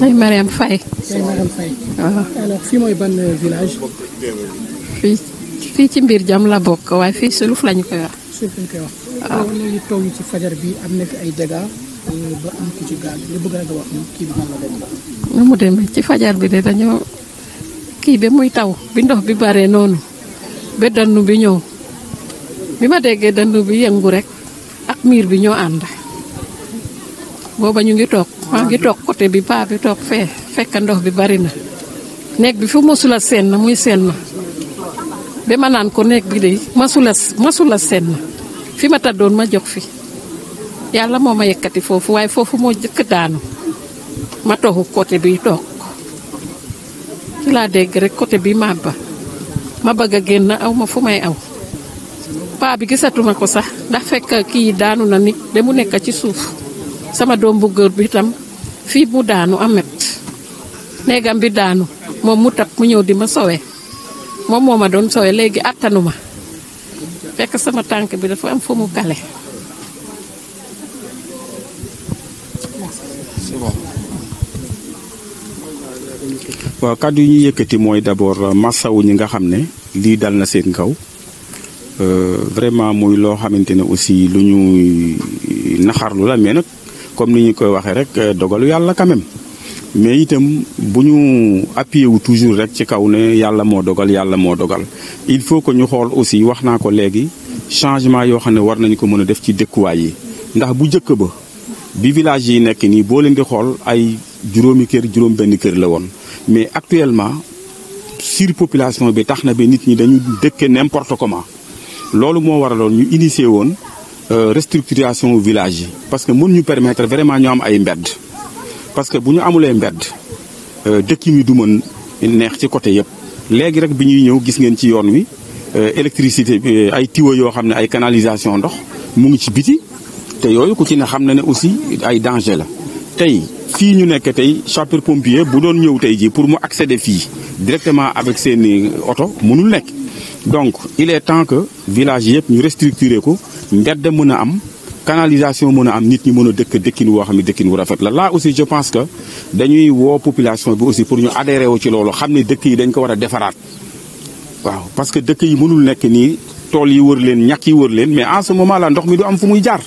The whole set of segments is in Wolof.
ay Mariam Faye. fii mooy ban euh, village. fii ci mbir jam la bokk waaye fii suluf lañu koy wax. koy wax. waaw ah. ci fajar bi am na fi ay dégâts euh, ci mu demee ci fajar bi de dañoo kii ba muy taw bi ndox bi bare noonu ba dannu bi ñëw bi ma déggee dannu bi yëngu rek ak miir bi ñoo ànd. booba ñu ngi toog maa ngi toog côté bi paa bi toog fee fekk ndox bi bari na néeg bi fu masula seen na muy seen na ba ma naan ko néeg bi de masula masula seen na fi ma tàddoon ma jox fi yàlla moo ma yëkkati foofu waaye foofu moo jëkk daanu ma toxu côté bi toog ci laa dégg rek côté bi ma ba ma bëgg a génn aw ma fu may aw paa bi gisatuma ko sax ndax fekk kii daanu na nit de mu nekk ci suuf sama doom bu góor bi itam fii mu daanu amet néegam bi daanu moom mu tab mu ñëw di ma sowe moom moo ma doon sowe léegi attanu ma fekk sama tànk bi dafa am fu mu kale waaw kàddu yi ñu yëkkati mooy d'abord euh, massawu ñi nga xam ne lii dal na seen kaw euh, vraiment muy loo xamante ne aussi lu ñuy naxarlu la mais comme ni ñu koy waxee rek euh, dogalu yàlla quand même mais itam bu ñu appuyé wu toujours rek ci kaw ne yàlla moo dogal yàlla moo dogal il faut que ñu xool aussi wax naa ko léegi changement yoo xam ne war nañu ko mën a def ci dëkkuwaay yi ndax bu njëkk ba bi village yi nekk nii boo leen di xool ay juróomi kër juróom benn kër la woon mais actuellement sur surpopulation bi tax na bi nit ñi dañu dëkke n'importe comment loolu moo waraloon ñu initié woon Euh, restructuration village yi parce que mën ñu permettre vraiment ñu am ay mbedd parce que bu ñu amulee mbedd euh, dëkk mi du mën neex ci côté yëpp léegi rek bi ñuy ñëw gis ngeen ci yoon wi euh, électricité bi ay tuyaux yoo xam ne ay canalisation ndox mu ngi ci biti te yooyu ku ci ne xam na ne aussi ay danger la tey fii ñu nekk tey sapeur pompier bu doon ñëw tey jii pour mu accéder fii directement avec seeni oto mënul nekk donc il est temps que village yëpp ñu restructurer ko mbedd mën a am canalisation mën a am nit ñi mën a dëkk dëkkin woo xam ne dëkkin wu rafet la là aussi je pense que dañuy woo population bi aussi pour ñu adhéré wu ci loolu xam ne dëkk yi dañ ko war a defaraat waaw parce que dëkk yi mënul nekk nii tool yi wër leen ñàkk yi wër leen mais en ce moment ndox mi du am fu muy jaar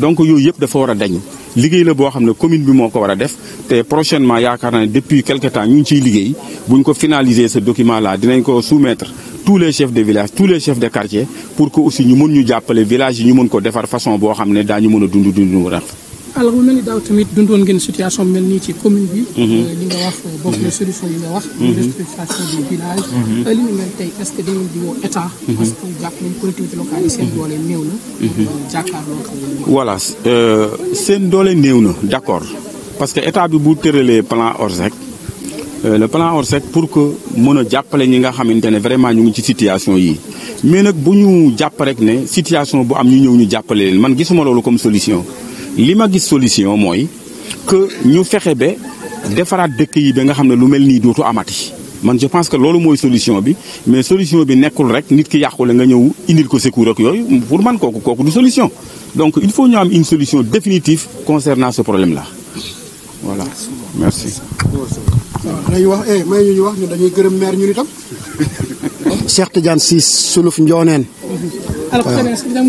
donc yooyu yëpp dafa war a dañu liggéey la boo xam ne commune bi moo ko war def te prochainement yaakaar naa ne depuis quelque ngi ciy liggéey bu ko finaliser ce document là dinañ ko soumettre tous les chefs de village tous les chefs de quartier pour que aussi ñu mën ñu jàppale village yi ñu mën ko defar façon boo xam ne daañu mën a dund dund ngeen situation mel nii ci commune bi. Mhm. Euh, li nga wax euh, bokk na mhm. solution yi nga wax. Mhm. restructuration du village. Euh, li ñu mel tey est-ce que dañu di woo seen doole néew na. jàkkaarloo voilà seen d'accord parce que état bi bu tëralee plan ORSEC. Euh, le plan ORSEC pour que mën a jàppale ñi nga xamante ne vraiment ñu ngi ci situation yi mais nag bu ñu jàpp rek ne situation bu am ñu ñëw ñu jàppale leen man gisuma loolu comme solution li ma gis solution mooy que ñu fexe ba defaraat dëkk yi ba nga xam ne lu mel nii dootu amati man je pense que loolu mooy solution bi mais solution bi nekkul rek nit ki yàqule nga ñëw indil ko secours yooyu pour man kooku kooku du solution donc il faut ñu am une solution définitive concernant ce problème là voilà merci waaw dañuy wax eh may ñu wax ni dañuy gërëm maire ñun tam Cheikh Tidiane si suluf Njooneen.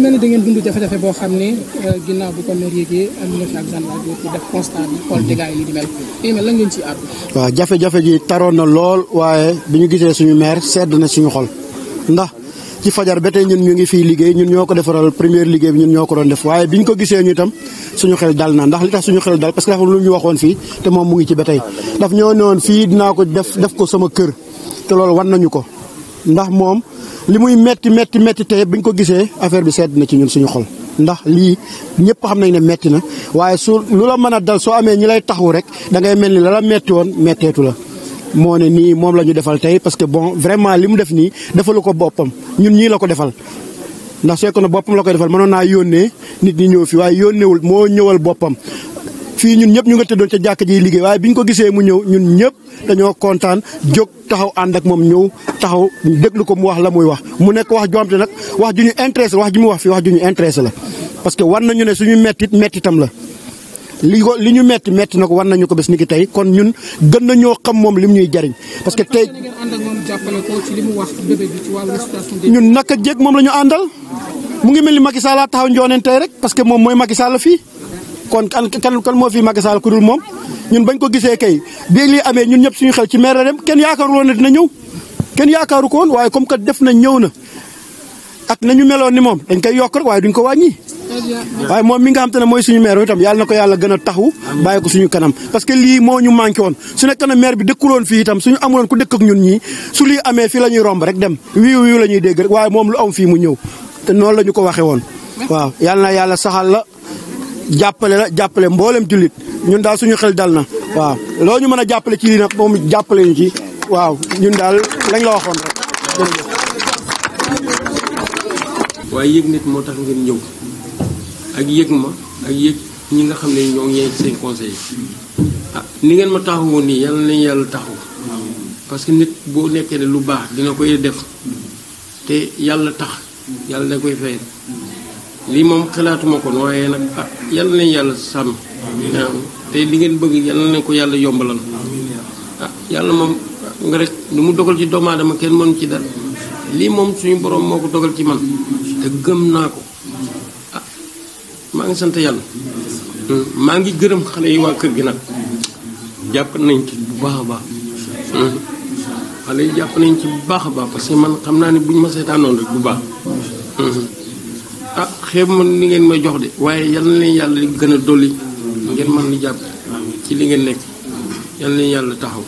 mel ni da ngeen dund jafe-jafe boo xam ne euh, ginnaaw bu ko maire yéegee am fi ak gendarmerie pour def constat bi xool dégâts yi di mel fii mel lan ngeen ci àddu. waaw jafe-jafe ji taroon na lool waaye bi ñu gisee suñu meer sedd na suñu xol ndax. ci fajar ba tey ñun ñu ngi fii liggéey ñun ñoo ko defaral première liggéey bi ñun ñoo ko doon def waaye biñ ko gisee ñu itam suñu xel dal na ndax li tax suñu xel dal parce que ñu waxoon fii te moom mu ci ba tey daf ñoo fii dinaa ko def def ko sama kër te loolu wan nañu ko ndax moom li muy metti metti metti tey biñ ko gisee affaire bi sedd na ci ñun suñu xol ndax lii ñëpp xam nañ ne metti na waaye su lu la mën a dal soo amee ñi lay taxawu rek da mel ni la la metti woon metteetu la moo ne nii moom la ñu defal tey parce que bon vraiment li mu def nii defalu ko boppam ñun ñii la ko defal. ndax su fekkoon ne boppam la koy defal mënoon naa yónnee nit ñi ñëw fi waaye yónneewul moo ñëwal boppam. fii ñun ñëpp ñu nga tëddoon ca jàkk ji liggéey waaye bi ñu ko gisee mu ñëw ñun ñëpp dañoo kontaan jóg taxaw ànd ak moom ñëw taxaw déglu ko mu wax la muy wax mu nekk wax jomte nag wax ju ñu intéressé wax ju mu wax fii wax ju ñu intéressé la. parce que war nañu ne suñu mettit mettitam la. li ko li ñu metti metti na ko war nañu ko bés ni ki tey kon ñun gën nañoo xam moom li mu ñuy jariñ parce que tey ñun naka jég moom lañu àndal mu ngi mel ni Macky Sall taxaw njooneen tey rek parce que moom mooy Macky Sall fii kon kan kan moo fi Macky Sall moom ñun bañ ko gisee kay bi lii amee ñun ñëpp suñu xel ci maire la dem kenn yaakaaru woon ne dina ñëw kenn yaakaaru ko waaye comme que def na ñëw na ak ñu meloon ni moom dañ koy yokk rek waaye duñ ko wàññi waaye moom mi nga xam te ne mooy suñu maire itam yàlla na ko yàlla gën a taxawu bàyyi ko suñu kanam parce que lii moo ñu manqué woon su nekk na maire bi dëkkuloon fii itam suñu amuloon ku dëkk ak ñun ñii su lii amee fii la ñuy romb rek dem wiiw wiiw la ñuy dégg waaye moom lu am fii mu ñëw te noonu la ñu ko waxee woon waaw yàlla na yàlla saxaal la jàppale la jàppale mboolem jullit ñun daal suñu xel dal na waaw loo ñu mën a jàppale ci lii nag moom jàppale ñu waaw ñun daal lañ la waxoon rek waaye moo tax ngeen ñëw ak yëg ma ak yëg ñi nga xam ne ñoo ngi yeen seen conseil ah ni ngeen ma taxawoo nii yàlla nañu yàlla taxaw parce que nit boo nekkee ne lu baax dina koy def te yàlla tax yàlla da koy fay lii moom xalaatuma kon waaye nag ah yàlla nañu yàlla sàmm te li ngeen bëgg yàlla nañ ko yàlla yombalal ah yàlla moom nga rek lu mu dogal ci doomu aadama kenn mënu ci dara lii moom suñu borom moo ko dogal ci man te gëm naa ko maa ngi sant yàlla hmm, maa ngi gërëm xale yi waa kër gi nag jàpp nañ ci bu baax a baax hmm, xale jàpp nañ ci bu baax a baax parce que man xam naa ne buñ ma seetaanoon rek bu baax hmm, ah xeeb ma li ngeen may jox de waaye yal na leen yàlla li gën a dolli ngeen man ni jàpp ci li ngeen nekk yal na leen yàlla taxaw